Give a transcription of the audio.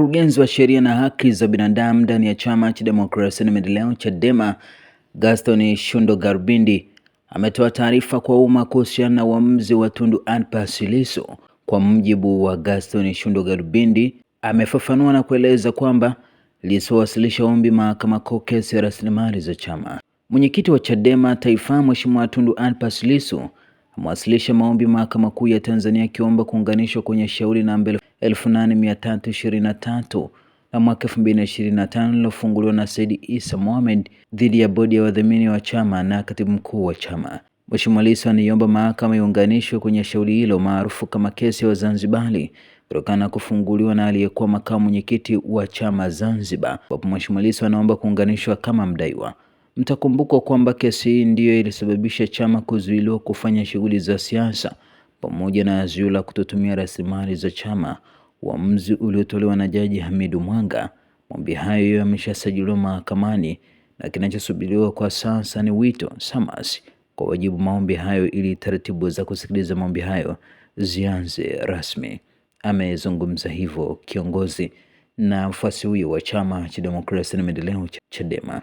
Mkurugenzi wa sheria na haki za binadamu ndani ya chama cha demokrasia na maendeleo Chadema, Gaston Shundo Garbindi ametoa taarifa kwa umma kuhusiana na uamuzi wa Tundu Antipas Lissu. Kwa mjibu wa Gaston Shundo Garbindi, amefafanua na kueleza kwamba Lissu wasilisha ombi mahakama kuu kesi ya rasilimali za chama. Mwenyekiti wa Chadema Taifa, Mheshimiwa Tundu Antipas Lissu amewasilisha maombi Mahakama Kuu ya Tanzania akiomba kuunganishwa kwenye shauri namba 8323 na mwaka 2025 lilofunguliwa na Said isa Mohamed dhidi ya bodi ya wadhamini wa chama na katibu mkuu wa chama. Mheshimiwa Lissu anaiomba mahakama iunganishwe kwenye shauri hilo maarufu kama kesi ya wa Wazanzibari kutokana na kufunguliwa na aliyekuwa makamu mwenyekiti wa chama Zanzibar, ambapo Mheshimiwa Lissu anaomba kuunganishwa kama mdaiwa. Mtakumbukwa kwamba kesi hii ndiyo ilisababisha chama kuzuiliwa kufanya shughuli za siasa pamoja na azio la kutotumia rasilimali za chama, uamuzi uliotolewa na Jaji Hamidu Mwanga. Maombi hayo yameshasajiliwa mahakamani na kinachosubiriwa kwa sasa ni wito SAMAS kwa wajibu maombi hayo ili taratibu za kusikiliza maombi hayo zianze rasmi. Amezungumza hivyo kiongozi na mfuasi huyo wa chama cha demokrasia na maendeleo CHADEMA